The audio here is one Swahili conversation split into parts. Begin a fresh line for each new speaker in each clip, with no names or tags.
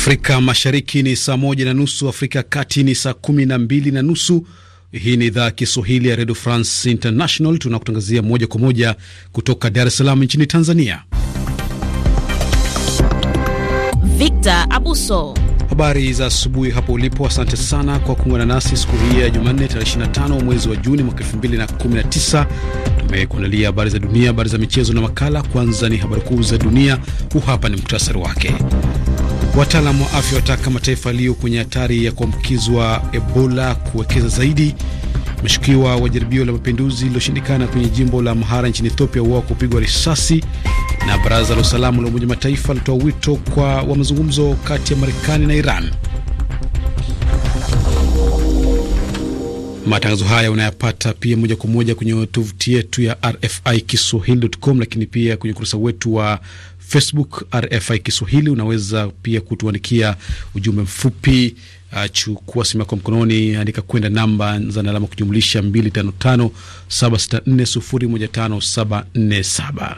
Afrika Mashariki ni saa moja na nusu, Afrika ya Kati ni saa kumi na mbili na nusu. Hii ni idhaa ya Kiswahili ya Redio France International. Tunakutangazia moja kwa moja kutoka Dar es Salaam nchini Tanzania.
Victor Abuso,
habari za asubuhi hapo ulipo. Asante sana kwa kuungana nasi siku hii ya Jumanne, tarehe 25 mwezi wa Juni mwaka 2019. Tumekuandalia habari za dunia, habari za michezo na makala. Kwanza ni habari kuu za dunia, huu hapa ni mktasari wake. Wataalamu wa afya wataka mataifa yaliyo kwenye hatari ya kuambukizwa Ebola kuwekeza zaidi. Mshukiwa wa jaribio la mapinduzi lililoshindikana kwenye jimbo la Amhara nchini Ethiopia huwa kupigwa risasi. Na baraza la usalama la Umoja Mataifa alitoa wito kwa wa mazungumzo kati ya Marekani na Iran. Matangazo haya unayapata pia moja kwa moja kwenye tovuti yetu ya RFI Kiswahili.com, lakini pia kwenye ukurasa wetu wa Facebook RFI Kiswahili. Unaweza pia kutuandikia ujumbe mfupi uh, chukua simu yako mkononi, andika kwenda namba za alama kujumlisha 255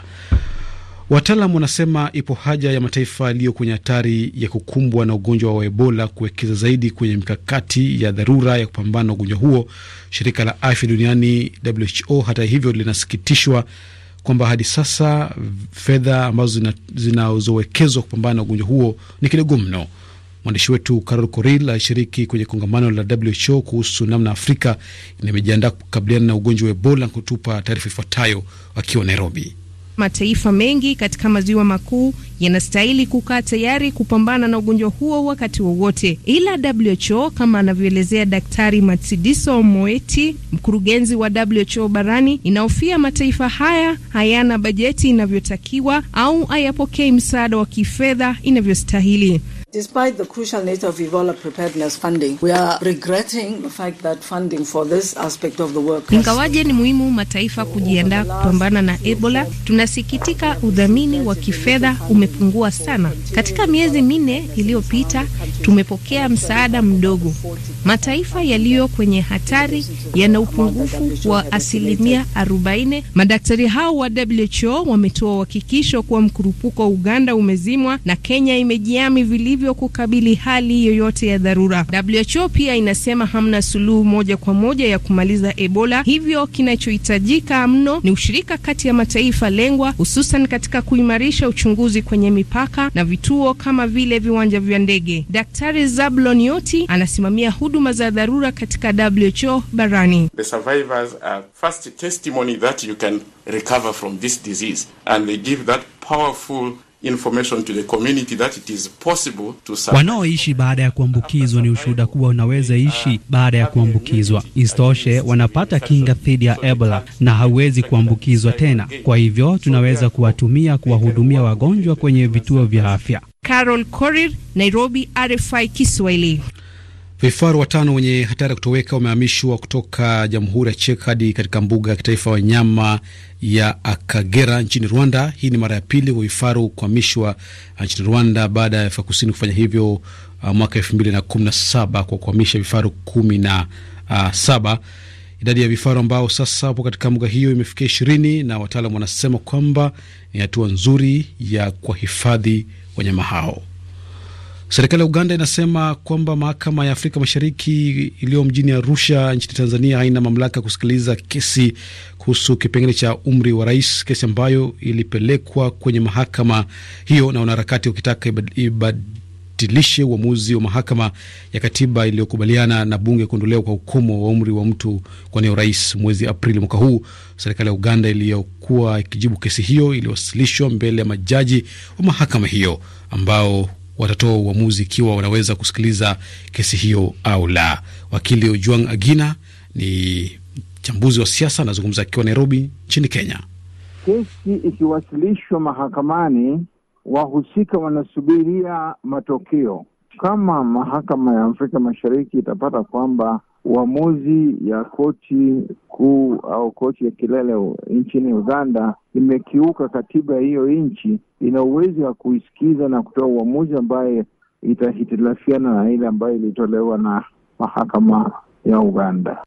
Wataalam wanasema ipo haja ya mataifa yaliyo kwenye hatari ya kukumbwa na ugonjwa wa Ebola kuwekeza zaidi kwenye mikakati ya dharura ya kupambana na ugonjwa huo. Shirika la afya duniani WHO, hata hivyo, linasikitishwa kwamba hadi sasa fedha ambazo zinazowekezwa zina kupambana na ugonjwa huo ni kidogo mno. Mwandishi wetu Carol coril alishiriki kwenye kongamano la WHO kuhusu namna Afrika inamejiandaa kukabiliana na ugonjwa wa Ebola na kutupa taarifa ifuatayo akiwa Nairobi.
Mataifa mengi katika maziwa makuu yanastahili kukaa tayari kupambana na ugonjwa huo wakati wowote, ila WHO kama anavyoelezea Daktari Matsidiso Moeti, mkurugenzi wa WHO barani, inahofia mataifa haya hayana bajeti inavyotakiwa au hayapokei msaada wa kifedha inavyostahili. Despite the crucial nature of Ebola preparedness funding, we are regretting the fact that funding for this aspect
of the work. Ingawaje
ni muhimu mataifa kujiandaa kupambana na Ebola, tunasikitika udhamini wa kifedha umepungua sana. Katika miezi minne iliyopita, tumepokea msaada mdogo. Mataifa yaliyo kwenye hatari yana upungufu wa asilimia 40. Madaktari hao wa WHO wametoa uhakikisho kuwa mkurupuko wa Uganda umezimwa na Kenya imejiami vilivyo hivyo kukabili hali yoyote ya dharura. WHO pia inasema hamna suluhu moja kwa moja ya kumaliza Ebola, hivyo kinachohitajika mno ni ushirika kati ya mataifa lengwa, hususan katika kuimarisha uchunguzi kwenye mipaka na vituo kama vile viwanja vya ndege. Daktari Zablon Yoti anasimamia huduma za dharura katika WHO barani. The
survivors are first testimony that you can recover from this disease and they give that powerful information to the community that it is possible to wanaoishi baada ya kuambukizwa ni ushuhuda kuwa unaweza ishi baada ya kuambukizwa. Isitoshe, wanapata kinga dhidi ya Ebola na hauwezi kuambukizwa tena. Kwa hivyo tunaweza kuwatumia kuwahudumia wagonjwa kwenye vituo vya afya.
Carol Korir, Nairobi, RFI Kiswahili.
Vifaru watano wenye hatari ya kutoweka wamehamishwa kutoka Jamhuri ya Czech hadi katika mbuga ya kitaifa ya wanyama ya Akagera nchini Rwanda. Hii ni mara ya pili kwa vifaru kuhamishwa nchini Rwanda baada ya Afrika Kusini kufanya hivyo uh, mwaka elfu mbili na kumi na saba kwa kuhamisha vifaru kumi na uh, saba. Idadi ya vifaru ambao sasa wapo katika mbuga hiyo imefikia ishirini na wataalam wanasema kwamba ni hatua nzuri ya kuwahifadhi wanyama hao. Serikali ya Uganda inasema kwamba mahakama ya Afrika Mashariki iliyo mjini Arusha nchini Tanzania haina mamlaka kusikiliza kesi kuhusu kipengele cha umri wa rais, kesi ambayo ilipelekwa kwenye mahakama hiyo na wanaharakati wakitaka ibadilishe uamuzi wa mahakama ya katiba iliyokubaliana na bunge kuondolewa kwa ukomo wa umri wa mtu kuwania urais mwezi Aprili mwaka huu. Serikali ya Uganda iliyokuwa ikijibu kesi hiyo iliwasilishwa mbele ya majaji wa mahakama hiyo ambao watatoa uamuzi ikiwa wanaweza kusikiliza kesi hiyo au la. Wakili Ojuang Agina ni mchambuzi wa siasa, anazungumza akiwa Nairobi nchini Kenya.
Kesi ikiwasilishwa mahakamani, wahusika wanasubiria matokeo. Kama mahakama ya Afrika Mashariki itapata kwamba uamuzi ya koti kuu au koti ya kilele nchini Uganda imekiuka katiba hiyo nchi, ina uwezo wa kuisikiza na kutoa uamuzi ambaye itahitilafiana na ile ambayo ilitolewa na mahakama ya Uganda.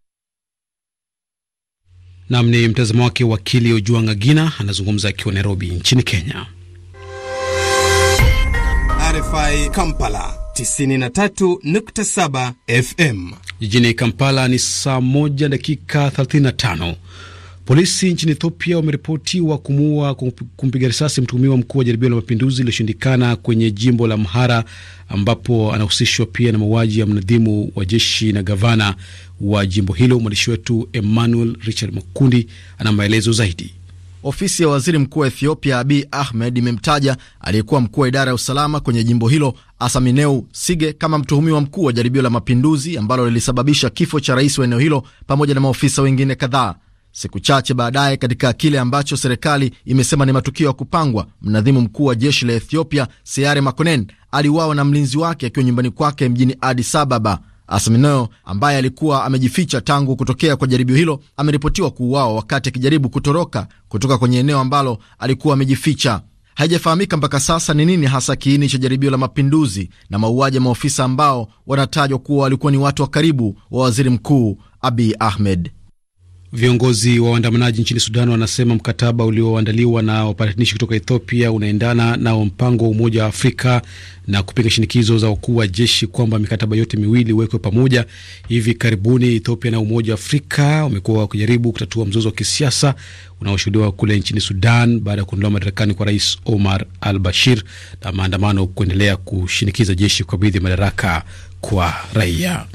Nam ni mtazamo wake wakili Ojuanga Gina, anazungumza akiwa Nairobi nchini Kenya.
RFI Kampala
93.7 FM. Jijini Kampala ni saa moja dakika 35. Polisi nchini Ethiopia wameripotiwa kumuua kumpiga risasi mtuhumiwa mkuu wa jaribio la mapinduzi iliyoshindikana kwenye jimbo la Mhara, ambapo anahusishwa pia na mauaji ya mnadhimu wa jeshi na gavana wa jimbo hilo. Mwandishi wetu
Emmanuel Richard Makundi ana maelezo zaidi. Ofisi ya waziri mkuu wa Ethiopia abi Ahmed imemtaja aliyekuwa mkuu wa idara ya usalama kwenye jimbo hilo Asamineu Sige kama mtuhumiwa mkuu wa jaribio la mapinduzi ambalo lilisababisha kifo cha rais wa eneo hilo pamoja na maofisa wengine kadhaa. Siku chache baadaye, katika kile ambacho serikali imesema ni matukio ya kupangwa, mnadhimu mkuu wa jeshi la Ethiopia seare Makonen aliuawa na mlinzi wake akiwa nyumbani kwake mjini Addis Ababa. Asamoah ambaye alikuwa amejificha tangu kutokea kwa jaribio hilo ameripotiwa kuuawa wakati akijaribu kutoroka kutoka kwenye eneo ambalo alikuwa amejificha. Haijafahamika mpaka sasa ni nini hasa kiini cha jaribio la mapinduzi na mauaji ya maofisa ambao wanatajwa kuwa walikuwa ni watu wa karibu wa waziri mkuu abi Ahmed.
Viongozi wa waandamanaji nchini Sudan wanasema mkataba ulioandaliwa na wapatanishi kutoka Ethiopia unaendana na mpango wa Umoja wa Afrika na kupinga shinikizo za wakuu wa jeshi kwamba mikataba yote miwili iwekwe pamoja. Hivi karibuni Ethiopia na Umoja wa Afrika wamekuwa wakijaribu kutatua mzozo wa kisiasa unaoshuhudiwa kule nchini Sudan baada ya kuondolewa madarakani kwa Rais Omar al Bashir na maandamano kuendelea kushinikiza jeshi kukabidhi madaraka kwa raia.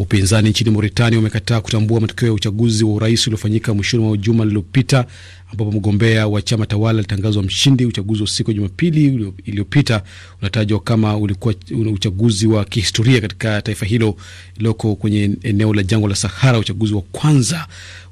Upinzani nchini Mauritania umekataa kutambua matokeo ya uchaguzi wa urais uliofanyika mwishoni mwa juma lililopita, ambapo mgombea wa chama tawala alitangazwa mshindi. Uchaguzi wa siku ya Jumapili iliyopita unatajwa kama ulikuwa uchaguzi wa kihistoria katika taifa hilo iliyoko kwenye eneo la jangwa la Sahara, uchaguzi wa kwanza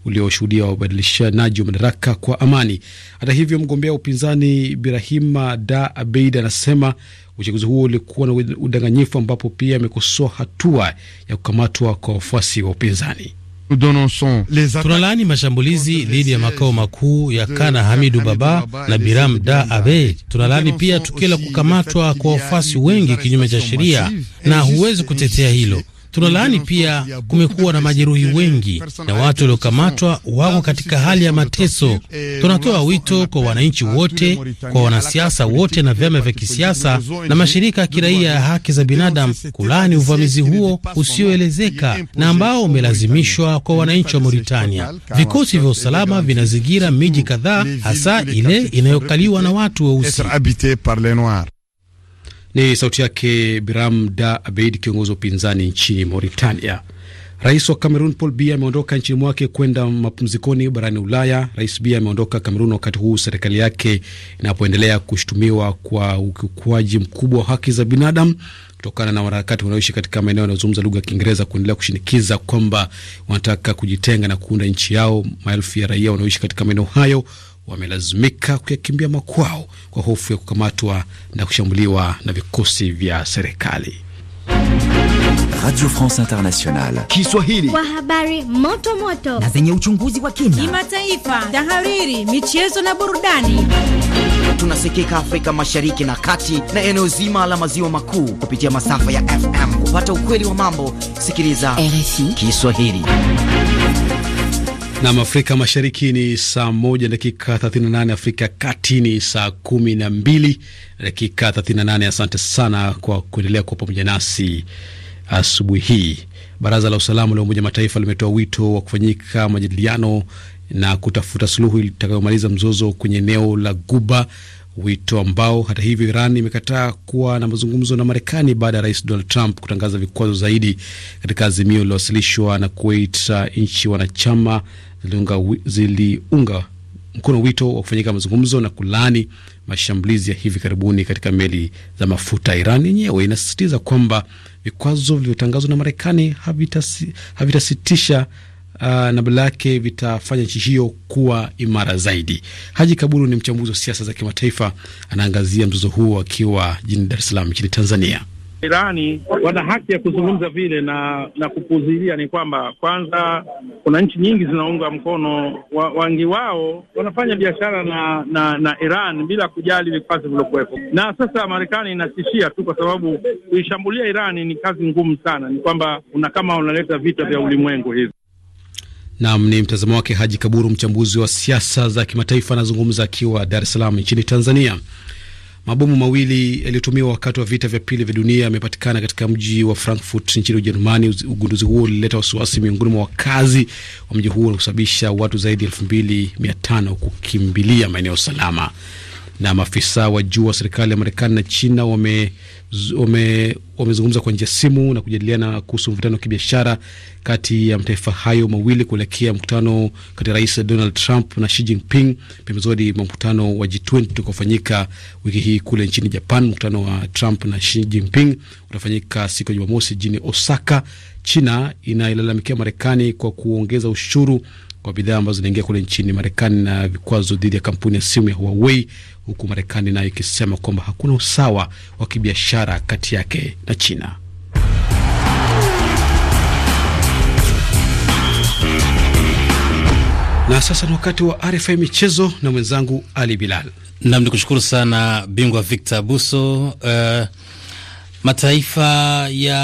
ulioshuhudia wabadilishanaji wa madaraka kwa amani. Hata hivyo, mgombea wa upinzani Birahima Da Abeid anasema Uchaguzi huo ulikuwa na udanganyifu, ambapo pia amekosoa hatua ya kukamatwa kwa wafuasi wa upinzani.
Tunalaani mashambulizi dhidi ya makao makuu ya Kana Hamidu Baba na Biram Da Abe. Tunalaani pia tukio la kukamatwa kwa wafuasi wengi kinyume cha sheria, na huwezi kutetea hilo. Tunalaani pia kumekuwa na majeruhi wengi na watu waliokamatwa wako katika hali ya mateso. Eh, Tunatoa wito kwa wananchi wote, kwa wanasiasa wote na vyama vya kisiasa na mashirika ya kiraia ya haki za binadamu kulaani uvamizi huo usioelezeka na ambao umelazimishwa kwa wananchi wa Mauritania. Vikosi vya usalama vinazingira miji kadhaa, hasa ile inayokaliwa na watu weusi. Ni sauti yake Biram
Da Abeid, kiongozi wa upinzani nchini Mauritania. Rais wa Cameroon Paul Biya ameondoka nchini mwake kwenda mapumzikoni barani Ulaya. Rais Biya ameondoka Cameroon wakati huu serikali yake inapoendelea kushutumiwa kwa ukiukwaji mkubwa wa haki za binadamu kutokana na wanaharakati wanaoishi katika maeneo yanayozungumza lugha ya Kiingereza kuendelea kushinikiza kwamba wanataka kujitenga na kuunda nchi yao. Maelfu ya raia wanaoishi katika maeneo hayo wamelazimika kuyakimbia makwao kwa hofu ya kukamatwa na kushambuliwa na vikosi vya serikali.
Radio France Internationale Kiswahili, kwa
habari moto moto na
zenye uchunguzi
wa kina, kimataifa, tahariri, michezo na burudani.
Tunasikika Afrika Mashariki na Kati na eneo zima la maziwa makuu kupitia masafa ya FM. Kupata ukweli wa mambo, sikiliza RFI Kiswahili.
Nam Afrika Mashariki ni saa moja dakika 38, Afrika ya Kati ni saa kumi na mbili dakika 38. Asante sana kwa kuendelea kuwa pamoja nasi asubuhi hii. Baraza la Usalama la Umoja Mataifa limetoa wito wa kufanyika majadiliano na kutafuta suluhu itakayomaliza mzozo kwenye eneo la Guba wito ambao hata hivyo Iran imekataa kuwa na mazungumzo na Marekani baada ya rais Donald Trump kutangaza vikwazo zaidi katika azimio lililowasilishwa na Kuwait. Uh, nchi wanachama ziliunga, ziliunga mkono wito wa kufanyika mazungumzo na kulaani mashambulizi ya hivi karibuni katika meli za mafuta. Iran yenyewe inasisitiza kwamba vikwazo vilivyotangazwa na Marekani havitasitisha uh, na badala yake vitafanya nchi hiyo kuwa imara zaidi. Haji Kaburu ni mchambuzi wa siasa za kimataifa, anaangazia mzozo huo akiwa jijini Dar es Salaam nchini Tanzania.
Irani wana haki ya kuzungumza vile na na kupuzilia, Ni kwamba kwanza, kuna nchi nyingi zinaunga mkono wa, wangi wao wanafanya biashara na, na na Iran bila kujali vikwazo vilivyokuwepo, na sasa Marekani inatishia tu, kwa sababu kuishambulia Irani ni kazi ngumu sana. Ni kwamba una kama unaleta vita vya ulimwengu hivi
Nam ni mtazamo wake Haji Kaburu, mchambuzi wa siasa za kimataifa, anazungumza akiwa Dar es Salaam nchini Tanzania. Mabomu mawili yaliyotumiwa wakati wa vita vya pili vya dunia yamepatikana katika mji wa Frankfurt nchini Ujerumani. Ugunduzi huo ulileta wasiwasi miongoni mwa wakazi wa mji huo na kusababisha watu zaidi ya elfu mbili mia tano kukimbilia maeneo salama. Na maafisa wa juu wa serikali ya Marekani na China wame wamezungumza kwa njia simu na kujadiliana kuhusu mvutano wa kibiashara kati ya mataifa hayo mawili kuelekea mkutano kati ya Rais Donald Trump na Xi Jinping pembezoni mwa mkutano wa G20 utakaofanyika wiki hii kule nchini Japan. Mkutano wa Trump na Xi Jinping utafanyika siku ya Jumamosi jijini Osaka. China inailalamikia Marekani kwa kuongeza ushuru kwa bidhaa ambazo zinaingia kule nchini Marekani na vikwazo dhidi ya kampuni ya simu ya Huawei, huku Marekani nayo ikisema kwamba hakuna usawa wa kibiashara kati yake na China.
Na sasa ni wakati wa RFI michezo na mwenzangu Ali Bilal. Nam, ni kushukuru sana bingwa Victor Buso. Uh, mataifa ya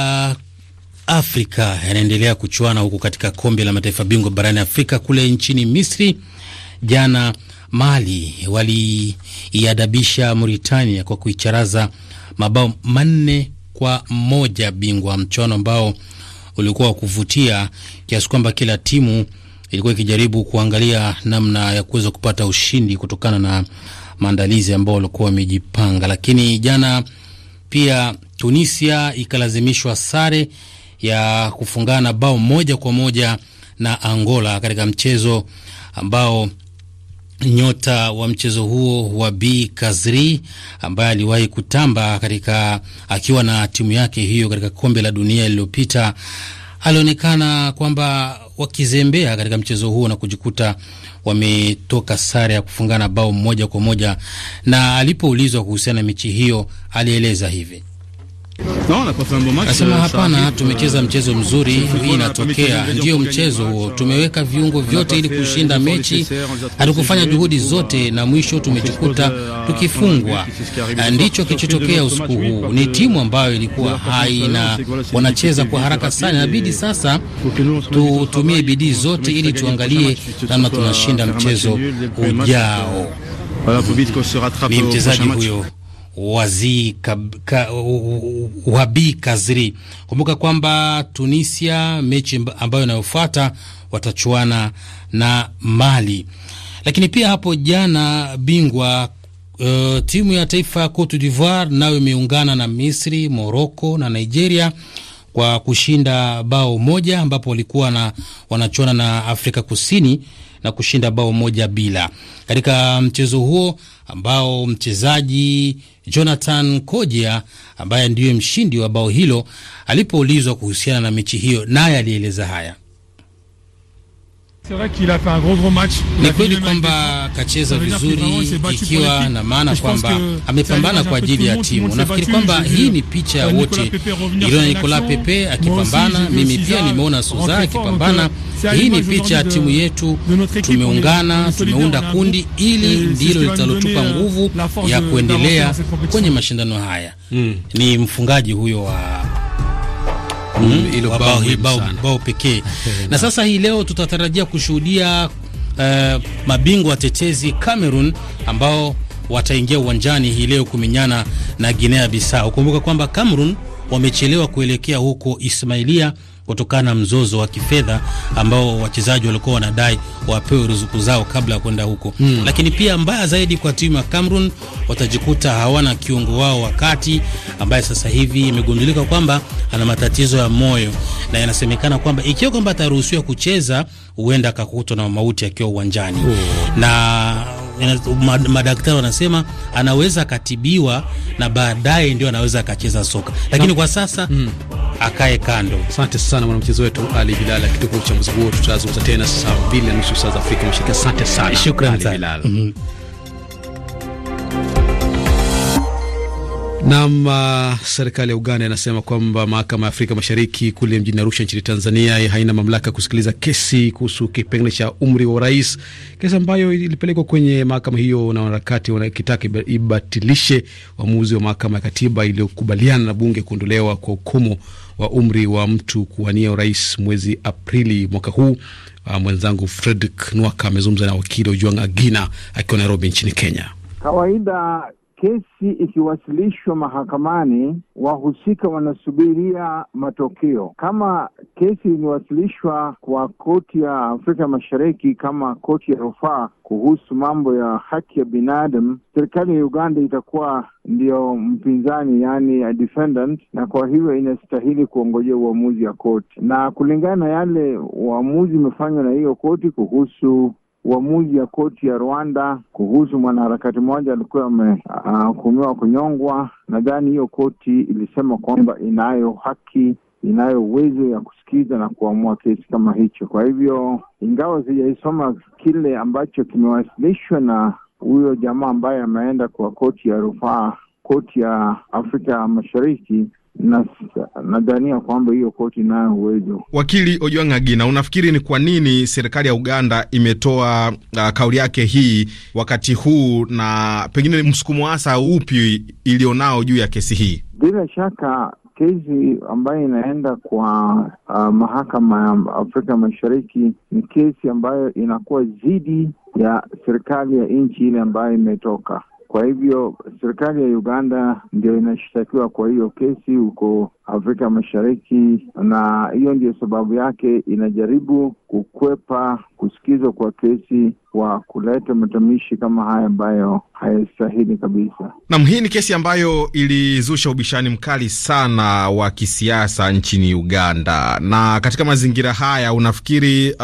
Afrika yanaendelea kuchuana huku katika kombe la mataifa bingwa barani Afrika. Kule nchini Misri jana, Mali waliiadabisha Mauritania kwa kuicharaza mabao manne kwa moja, bingwa mchuano ambao ulikuwa wa kuvutia kiasi kwamba kila timu ilikuwa ikijaribu kuangalia namna ya kuweza kupata ushindi kutokana na maandalizi ambao walikuwa wamejipanga. Lakini jana pia Tunisia ikalazimishwa sare ya kufungana bao moja kwa moja na Angola katika mchezo ambao nyota wa mchezo huo wa B Kazri ambaye aliwahi kutamba katika akiwa na timu yake hiyo katika kombe la dunia lililopita alionekana kwamba wakizembea katika mchezo huo na kujikuta wametoka sare ya kufungana bao moja kwa moja, na alipoulizwa kuhusiana na mechi hiyo alieleza hivi:
Nasema hapana, tumecheza mchezo
mzuri, hii inatokea ndiyo mchezo huo. Tumeweka viungo vyote ili kushinda mechi, hatukufanya juhudi zote, na mwisho tumejikuta tukifungwa. Ndicho kilichotokea usiku huu. Ni timu ambayo ilikuwa hai na wanacheza kwa haraka sana. Inabidi sasa tutumie bidii zote ili tuangalie namna tunashinda mchezo ujao. Ni mchezaji huyo waziri ka, Wabi Kazri. Kumbuka kwamba Tunisia mechi ambayo inayofuata watachuana na Mali. Lakini pia hapo jana bingwa Uh, timu ya taifa ya Cote d'Ivoire nayo imeungana na Misri, Morocco na Nigeria kwa kushinda bao moja, ambapo walikuwa na wanachuana na Afrika Kusini na kushinda bao moja bila. Katika mchezo huo ambao mchezaji Jonathan Koja ambaye ndiye mshindi wa bao hilo alipoulizwa kuhusiana na mechi hiyo, naye alieleza haya. Ni kweli kwamba kacheza vizuri, ikiwa na maana kwamba amepambana kwa ajili ya timu. Nafikiri kwamba hii ni picha ya wote, iliona Nicolas Pepe akipambana, mimi pia nimeona Suza akipambana. Hii ni picha ya timu yetu, tumeungana, tumeunda kundi, ili ndilo litalotupa euh, nguvu ya kuendelea kwenye mashindano haya. Hmm. Ni mfungaji huyo wa
mm -hmm. bao, bao, bao
pekee na sasa hii leo tutatarajia kushuhudia uh, mabingwa watetezi Cameroon ambao wataingia uwanjani hii leo kumenyana na Guinea Bissau. Kumbuka kwamba Cameroon wamechelewa kuelekea huko Ismailia kutokana na mzozo wa kifedha ambao wachezaji walikuwa wanadai wapewe ruzuku zao kabla ya kwenda huko mm. Lakini pia mbaya zaidi kwa timu ya Cameroon, watajikuta hawana kiungo wao wakati ambaye sasa hivi imegundulika kwamba ana matatizo ya moyo, na yanasemekana kwamba ikiwa kwamba ataruhusiwa kucheza huenda akakutwa na mauti akiwa uwanjani oh. na madaktari wanasema anaweza akatibiwa na baadaye ndio anaweza akacheza soka, lakini kwa sasa mm. akae kando. Asante sana mwanamchezo wetu Ali Bilal akitupa uchambuzi huo. Tutazungumza tena saa
mbili na nusu saa za Afrika Mashariki. Asante sana, shukrani -hmm. Nam uh, serikali ya Uganda inasema kwamba mahakama ya Afrika Mashariki kule mjini Arusha nchini Tanzania eh, haina mamlaka kusikiliza kesi kuhusu kipengele cha umri wa urais, kesi ambayo ilipelekwa kwenye mahakama hiyo na wanaharakati wanakitaka ibatilishe uamuzi wa mahakama ya katiba iliyokubaliana na bunge kuondolewa kwa ukomo wa umri wa mtu kuwania urais mwezi Aprili mwaka huu. Uh, mwenzangu Fredrick Nwaka amezungumza na wakili Ojwang' Agina akiwa Nairobi nchini Kenya.
Kawaida Kesi ikiwasilishwa mahakamani, wahusika wanasubiria matokeo. Kama kesi iliwasilishwa kwa koti ya Afrika Mashariki kama koti ya rufaa kuhusu mambo ya haki ya binadamu, serikali ya Uganda itakuwa ndiyo mpinzani, yaani a defendant, na kwa hivyo inastahili kuongojea uamuzi ya koti, na kulingana na yale uamuzi umefanywa na hiyo koti kuhusu uamuzi ya koti ya Rwanda kuhusu mwanaharakati mmoja alikuwa amehukumiwa ah, kunyongwa. Nadhani hiyo koti ilisema kwamba inayo haki, inayo uwezo ya kusikiza na kuamua kesi kama hicho. Kwa hivyo, ingawa sijaisoma kile ambacho kimewasilishwa na huyo jamaa ambaye ameenda kwa koti ya rufaa, koti ya Afrika Mashariki, na kwamba hiyo koti nayo uwezo.
Wakili Ojwang' Agina, unafikiri ni kwa nini serikali ya Uganda imetoa uh, kauli yake hii wakati huu, na pengine msukumo hasa upi ilionao juu ya kesi hii?
Bila shaka kesi ambayo inaenda kwa uh, mahakama ya Afrika Mashariki ni kesi ambayo inakuwa dhidi ya serikali ya nchi ile ambayo imetoka kwa hivyo serikali ya Uganda ndio inashtakiwa kwa hiyo kesi huko Afrika Mashariki, na hiyo ndio sababu yake inajaribu kukwepa kusikizwa kwa kesi kwa kuleta matamishi kama haya ambayo hayastahili kabisa.
Nam, hii ni kesi ambayo ilizusha ubishani mkali sana wa kisiasa nchini Uganda. Na katika mazingira haya unafikiri, uh,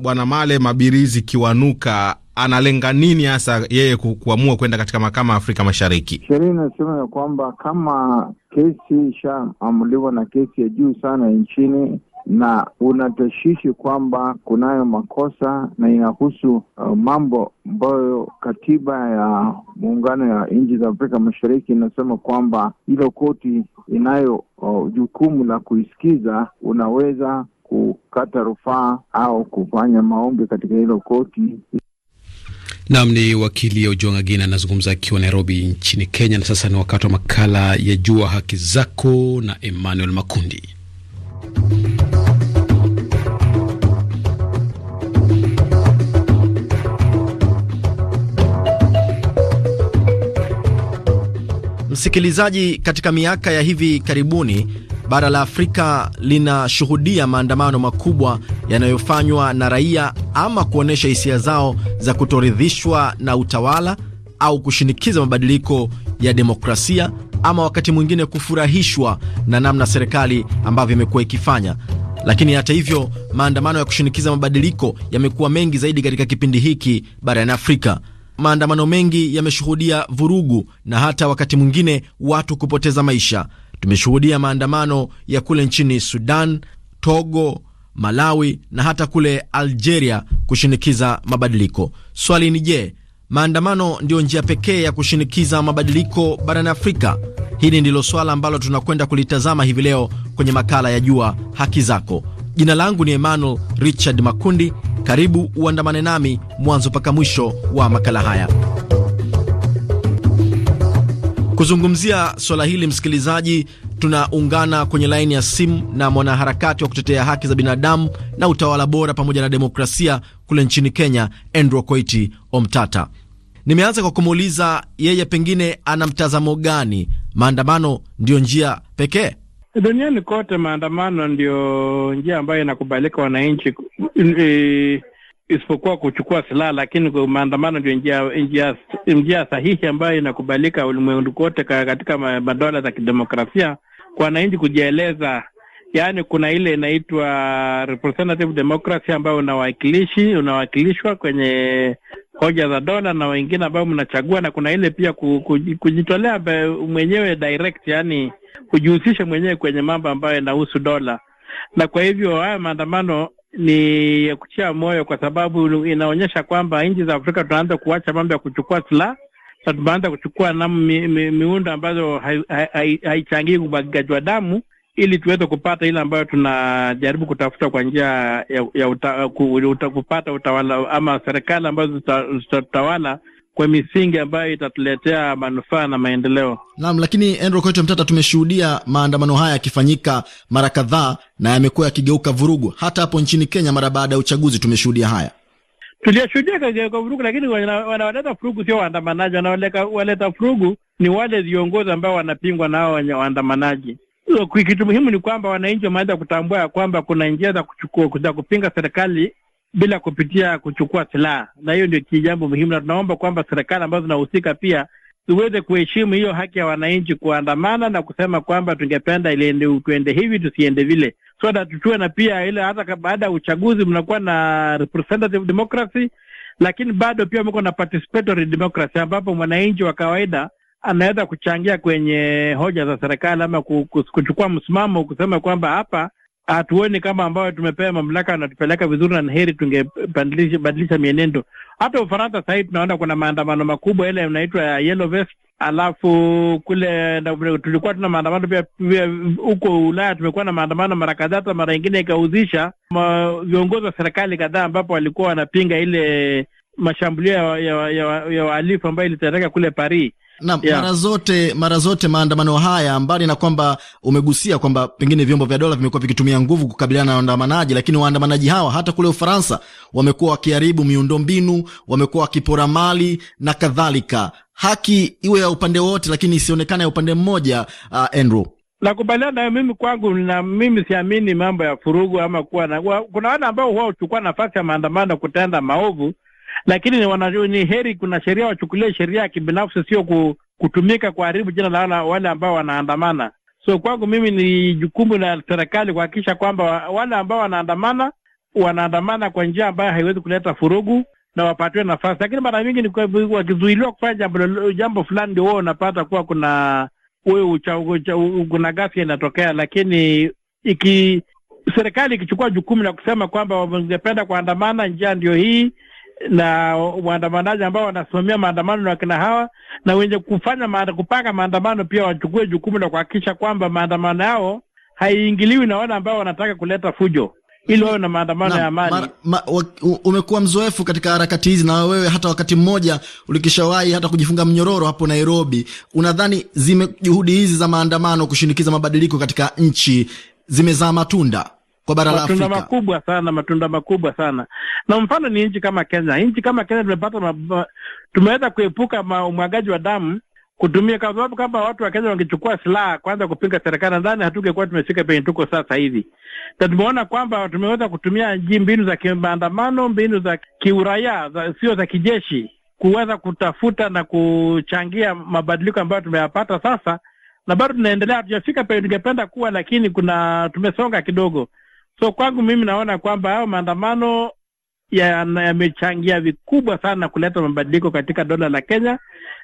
Bwana Male Mabirizi Kiwanuka analenga nini hasa yeye kuamua kwenda katika
mahakama ya Afrika Mashariki?
Sheria inasema ya kwamba kama kesi ishaamuliwa na kesi ya juu sana nchini na unatashishi kwamba kunayo makosa na inahusu uh, mambo ambayo katiba ya muungano ya nchi za Afrika Mashariki inasema kwamba hilo koti inayo uh, jukumu la kuisikiza, unaweza kukata rufaa au kufanya maombi katika hilo koti.
Nam ni wakili ya Ujuanga Gina anazungumza akiwa Nairobi nchini Kenya. Na sasa ni wakati wa makala ya Jua Haki Zako na Emmanuel Makundi.
Msikilizaji, katika miaka ya hivi karibuni bara la Afrika linashuhudia maandamano makubwa yanayofanywa na raia ama kuonyesha hisia zao za kutoridhishwa na utawala au kushinikiza mabadiliko ya demokrasia ama wakati mwingine kufurahishwa na namna serikali ambavyo imekuwa ikifanya. Lakini hata hivyo, maandamano ya kushinikiza mabadiliko yamekuwa mengi zaidi katika kipindi hiki barani Afrika. Maandamano mengi yameshuhudia vurugu na hata wakati mwingine watu kupoteza maisha. Tumeshuhudia maandamano ya kule nchini Sudan, Togo, Malawi na hata kule Algeria kushinikiza mabadiliko. Swali ni je, maandamano ndiyo njia pekee ya kushinikiza mabadiliko barani Afrika? Hili ndilo swala ambalo tunakwenda kulitazama hivi leo kwenye makala ya Jua Haki Zako. Jina langu ni Emmanuel Richard Makundi. Karibu uandamane nami mwanzo mpaka mwisho wa makala haya. Kuzungumzia swala hili, msikilizaji, tunaungana kwenye laini ya simu na mwanaharakati wa kutetea haki za binadamu na utawala bora pamoja na demokrasia kule nchini Kenya, Andrew Koiti Omtata. Nimeanza kwa kumuuliza yeye pengine ana mtazamo gani, maandamano ndiyo njia
pekee? Duniani kote maandamano ndiyo njia ambayo inakubalika wananchi isipokuwa kuchukua silaha, lakini maandamano ndio njia, njia, njia sahihi ambayo inakubalika ulimwengu kote katika madola za kidemokrasia kwa wananchi kujieleza. Yaani kuna ile inaitwa representative democracy ambayo unawakilishi unawakilishwa kwenye hoja za dola na wengine ambao mnachagua, na kuna ile pia kujitolea mwenyewe direct, yani kujihusisha mwenyewe kwenye mambo ambayo yanahusu dola. Na kwa hivyo haya maandamano ni ya kuchia moyo, kwa sababu inaonyesha kwamba nchi za Afrika tunaanza kuacha mambo ya kuchukua silaha na tumeanza kuchukua na mi, mi, miundo ambazo haichangii hai, hai ubagikaji wa damu ili tuweze kupata ile ambayo tunajaribu kutafuta kwa njia ya, ya uta, kupata utawala ama serikali ambazo zitatawala kwa misingi ambayo itatuletea manufaa na maendeleo.
Naam, lakini Andrew Koito Mtata, tumeshuhudia maandamano haya yakifanyika mara kadhaa na yamekuwa yakigeuka vurugu. Hata hapo nchini Kenya mara baada ya uchaguzi tumeshuhudia haya,
tuliyoshuhudia kageuka vurugu, lakini wanaoleta furugu sio waandamanaji. Wanaoleta furugu ni wale viongozi ambao wanapingwa na hao wenye waandamanaji. Kitu muhimu ni kwamba wananchi wameweza kutambua ya kwamba kuna njia za kupinga serikali bila kupitia kuchukua silaha, na hiyo ndio jambo muhimu, na tunaomba kwamba serikali ambazo zinahusika pia tuweze kuheshimu hiyo haki ya wananchi kuandamana na kusema kwamba tungependa iliende, tuende hivi tusiende vile, so that na pia ile, hata baada ya uchaguzi mnakuwa na representative democracy, lakini bado pia mko na participatory democracy, ambapo mwananchi wa kawaida anaweza kuchangia kwenye hoja za serikali ama kuchukua msimamo kusema kwamba hapa hatuoni kama ambayo tumepewa mamlaka anatupeleka vizuri, na heri tungebadilisha mienendo. Hata Ufaransa sahii tunaona kuna maandamano makubwa yale yanaitwa yellow vest, alafu kule tulikuwa tuna maandamano pia huko Ulaya, tumekuwa na maandamano mara kadhaa, hata mara ingine ikahuzisha viongozi wa serikali kadhaa, ambapo walikuwa wanapinga ile mashambulio ya wahalifu ambayo ilitereka kule Paris
na yeah. Mara zote mara zote maandamano haya, mbali na kwamba umegusia kwamba pengine vyombo vya dola vimekuwa vikitumia nguvu kukabiliana na waandamanaji, lakini waandamanaji hawa hata kule Ufaransa wamekuwa wakiharibu miundombinu, wamekuwa wakipora mali na kadhalika. Haki
iwe ya upande wote, lakini isionekane ya upande mmoja. Uh, Andrew Nakubaliana nayo mimi kwangu, na mimi siamini mambo ya furugu ama kuwa na, kuna wale ambao huwa huchukua nafasi ya maandamano kutenda maovu lakini ni, wana, ni heri kuna sheria wachukulie sheria ya kibinafsi, sio ku, kutumika kuharibu jina la wale ambao wanaandamana. So kwangu mimi ni jukumu la serikali kuhakikisha kwamba wale ambao wanaandamana wanaandamana kwa njia ambayo haiwezi kuleta furugu na wapatiwe nafasi, lakini mara nyingi wakizuiliwa kufanya jambo, jambo fulani ndio wao unapata kuwa kuna huyu kuna ghasia inatokea, lakini iki serikali ikichukua jukumu la kusema kwamba wangependa kuandamana, kwa njia ndio hii na waandamanaji ambao wanasimamia maandamano na wakina hawa na wenye kufanya maanda, kupanga maandamano pia wachukue jukumu la kuhakikisha kwamba maandamano yao haiingiliwi na wale ambao wanataka kuleta fujo ili wawe na maandamano ya amani. Ma,
ma, umekuwa mzoefu katika harakati hizi, na wewe hata wakati mmoja ulikishawahi hata kujifunga mnyororo hapo Nairobi. Unadhani zime juhudi hizi za maandamano kushinikiza mabadiliko katika nchi zimezaa matunda? kwa bara la Afrika, matunda
makubwa sana, matunda makubwa sana. Na mfano ni nchi kama Kenya. Nchi kama Kenya tumepata, ma, tumeweza kuepuka umwagaji wa damu kutumia kwa sababu kama watu wa Kenya wangechukua silaha kwanza kupinga serikali, nadhani hatungekuwa tumefika penye tuko sasa hivi. Na tumeona kwamba tumeweza kutumia ji mbinu za kimaandamano, mbinu za kiuraia, sio za kijeshi, kuweza kutafuta na kuchangia mabadiliko ambayo tumeyapata sasa, na bado tunaendelea, hatujafika penye tungependa kuwa, lakini kuna tumesonga kidogo. So kwangu mimi naona kwamba hayo maandamano yamechangia ya vikubwa sana kuleta mabadiliko katika dola la Kenya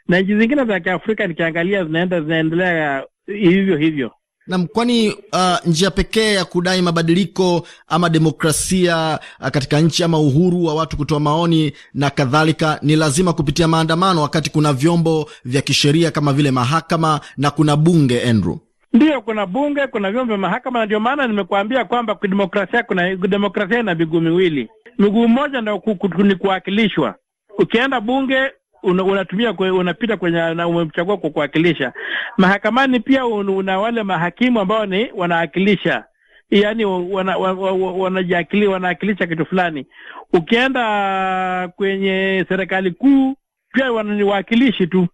na nchi zingine za Kiafrika nikiangalia zinaenda zinaendelea hivyo hivyo. Naam, kwani uh,
njia pekee ya kudai mabadiliko ama demokrasia uh, katika nchi ama uhuru wa watu kutoa maoni na kadhalika ni lazima kupitia maandamano, wakati kuna vyombo vya kisheria kama vile mahakama na kuna bunge Andrew
Ndiyo, kuna bunge, kuna vyombo vya mahakama, na ndio maana nimekuambia kwamba kidemokrasia, kuna demokrasia ina miguu miwili. Miguu mmoja ndo ni kuwakilishwa. Ukienda bunge una, unatumia unapita kwenye na umemchagua kwa kuwakilisha. Mahakamani pia un, una wale mahakimu ambao ni wanawakilisha, yaani, wana, wana, wanawakilisha kitu fulani. Ukienda kwenye serikali kuu pia wananiwakilishi tu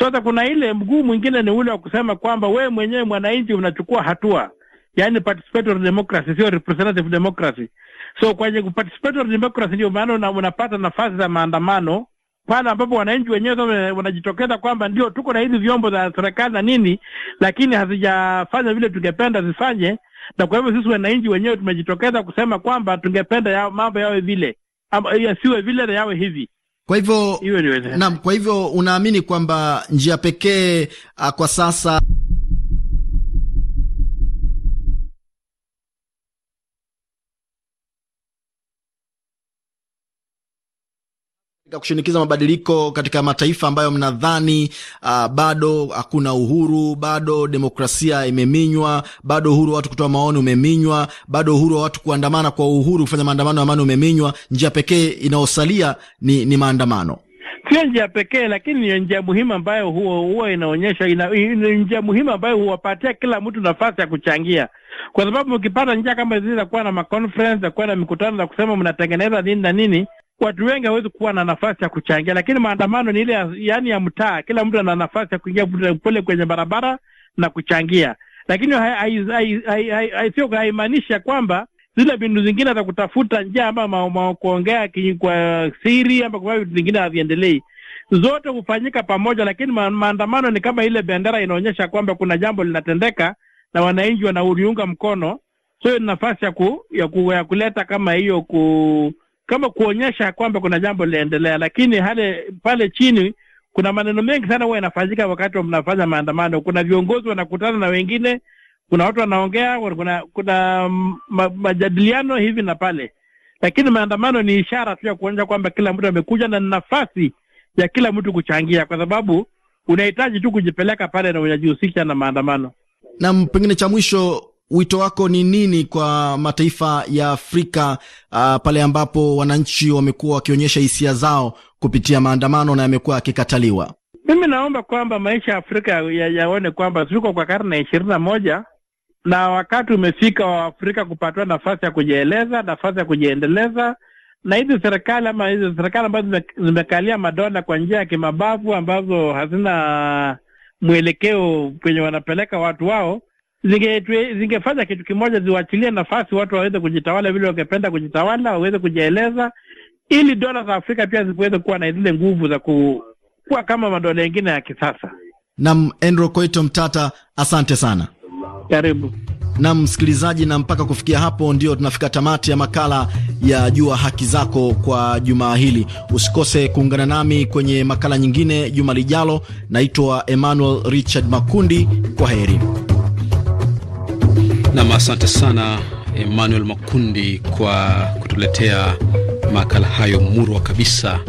sasa kuna ile mguu mwingine ni ule wa kusema kwamba wewe mwenyewe mwananchi unachukua hatua, yani participatory democracy, sio representative democracy. So kwenye participatory democracy ndio maana una, unapata nafasi za maandamano pale ambapo wananchi wenyewe wanajitokeza kwamba ndio tuko na hizi vyombo za serikali na nini, lakini hazijafanya vile tungependa zifanye, na kwa hivyo sisi wananchi wenyewe tumejitokeza kusema kwamba tungependa ya mambo yawe vile, yasiwe vile na yawe hivi. Kwa hivyo naam, kwa hivyo unaamini kwamba
njia pekee ah, kwa sasa kushinikiza mabadiliko katika mataifa ambayo mnadhani uh, bado hakuna uhuru, bado demokrasia imeminywa, bado uhuru wa watu kutoa maoni umeminywa, bado uhuru wa watu kuandamana kwa uhuru, kufanya maandamano ya amani umeminywa. Njia pekee inayosalia ni, ni maandamano.
Sio njia pekee, lakini ni njia muhimu ambayo huo huo inaonyesha ina, njia muhimu ambayo huwapatia kila mtu nafasi ya kuchangia, kwa sababu ukipata njia kama zile za kuwa na maconference, za kuwa na mikutano, za kusema mnatengeneza nini na nini watu wengi hawezi kuwa na nafasi ya kuchangia, lakini maandamano ni ile ya, yani ya mtaa, kila mtu ana nafasi ya kuingia pole kwenye barabara na kuchangia, lakini sio haimaanishi ya kwamba zile bindu zingine za kutafuta njia ama kuongea kwa siri ama kufanya vitu vingine haviendelei, zote hufanyika pamoja. Lakini ma, maandamano ni kama ile bendera inaonyesha kwamba kuna jambo linatendeka na wananchi wanauliunga mkono, so nafasi ya, ku, ya, ku, ya kuleta kama hiyo ku kama kuonyesha kwamba kuna jambo linaendelea, lakini hale pale chini kuna maneno mengi sana huwa yanafanyika wakati wa mnafanya maandamano. Kuna viongozi wanakutana na wengine, kuna watu wanaongea, kuna kuna ma, majadiliano hivi na pale, lakini maandamano ni ishara tu ya kuonyesha kwamba kila mtu amekuja na nafasi ya kila mtu kuchangia, kwa sababu unahitaji tu kujipeleka pale na unajihusisha na maandamano. Na pengine cha mwisho
wito wako ni nini kwa mataifa ya Afrika uh, pale ambapo wananchi wamekuwa wakionyesha hisia zao kupitia maandamano na yamekuwa yakikataliwa?
Mimi naomba kwamba maisha ya Afrika yaone ya kwamba tuko kwa karne ishirini na moja na wakati umefika wa Afrika kupatiwa nafasi ya kujieleza, nafasi ya kujiendeleza, na hizi serikali ama hizi serikali ambazo zimekalia madola kwa njia ya kimabavu ambazo hazina mwelekeo kwenye wanapeleka watu wao zingefanya kitu kimoja, ziwachilie nafasi watu waweze kujitawala vile wangependa kujitawala, waweze kujieleza, ili dola za Afrika pia ziweze kuwa na zile nguvu za kuwa kama madola mengine ya kisasa.
Nam Andrew Koito Mtata, asante sana, karibu na msikilizaji, na mpaka kufikia hapo ndio tunafika tamati ya makala ya Jua Haki Zako kwa jumaa hili. Usikose kuungana nami kwenye makala nyingine juma lijalo. Naitwa Emmanuel Richard Makundi, kwa heri.
Nam, asante sana Emmanuel Makundi kwa kutuletea makala hayo murwa kabisa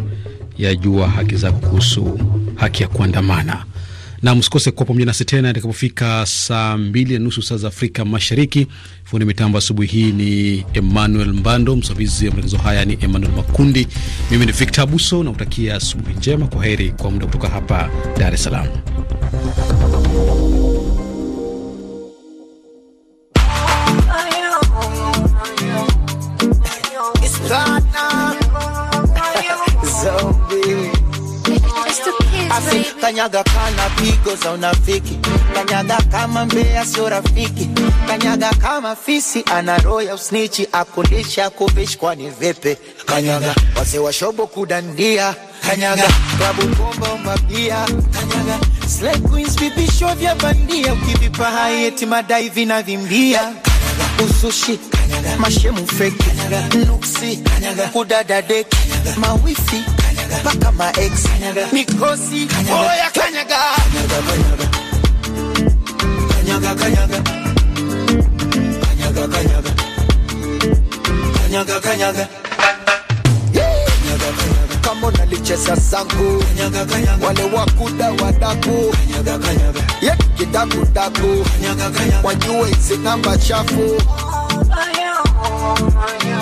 ya Jua Haki Zako kuhusu haki ya kuandamana na msikose kuwa pamoja nasi tena itakapofika saa mbili na nusu saa za Afrika Mashariki. Fundi mitambo asubuhi hii ni Emmanuel Mbando, msimamizi wa matangazo haya ni Emmanuel Makundi, mimi ni Victor Abuso na kutakia asubuhi njema. Kwa heri kwa muda kutoka hapa Dar es Salaam.
kanyaga kana pigo za unafiki, kanyaga kama mbea sio rafiki, kanyaga kama fisi ana roho ya usnichi, akulisha kwa ni vipi? Kanyaga wase wa shobo kudandia, kanyaga babu bomba umabia, kanyaga slay queens vipisho vya bandia, ukivipa hai eti madai vinavimbia usushi kanyaga, mashemu fake nuksi kudada deki mawifi kanyaga kanyaga paka my ex kanyaga mikosi oya kanyaga kanyaga kanyaga kanyaga kanyaga kanyaga kanyaga kanyaga kanyaga wale wakuda wadaku kidakudaku wajue hizi chafu oh, yeah. Oh, oh, oh,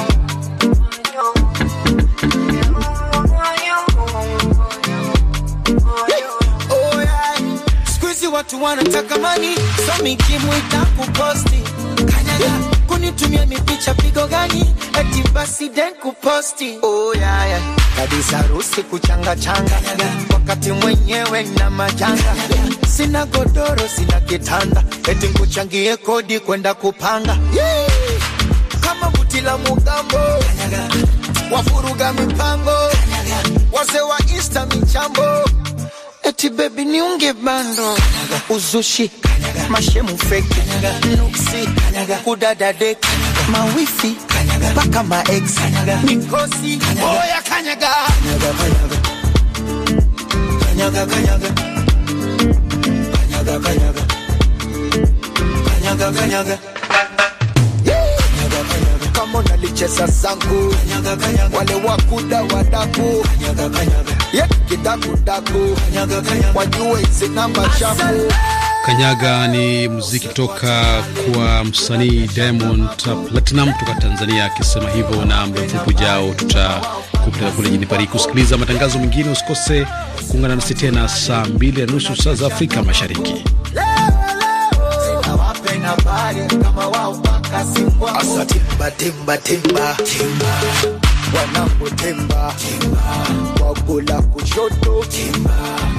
watu wanataka mani somi kimwita kuposti kanyaga kunitumia mipicha pigo gani eti basi den kuposti oh, yeah, yeah. kabisa rusi kuchangachanga wakati mwenyewe na majanga sina godoro sina kitanda eti nkuchangie kodi kwenda kupanga yeah. kama buti la mugambo kanyaga wafuruga mipango wazee wa ista michambo Eti baby niunge bando uzushi mashemu feki nuksi kudadade deki mawifi paka maex mikosi oya kanyaga kanyaga kanyaga kanyaga kanyaga kanyaga kanyaga chesa sangu wale wakuda wadaku yeah, kidakudaku wajue hizi namba chafu.
Kanyaga ni muziki kutoka kwa msanii Diamond Platinum kutoka Tanzania, akisema hivyo. Na muda mfupi ujao tutakupeleka kule jijini Paris kusikiliza matangazo mengine. Usikose kuungana nasi tena saa mbili na nusu saa za Afrika Mashariki
na bale kama wao mpaka singwa asa timba timba timba timba wanangu
timba timba wakula kushoto timba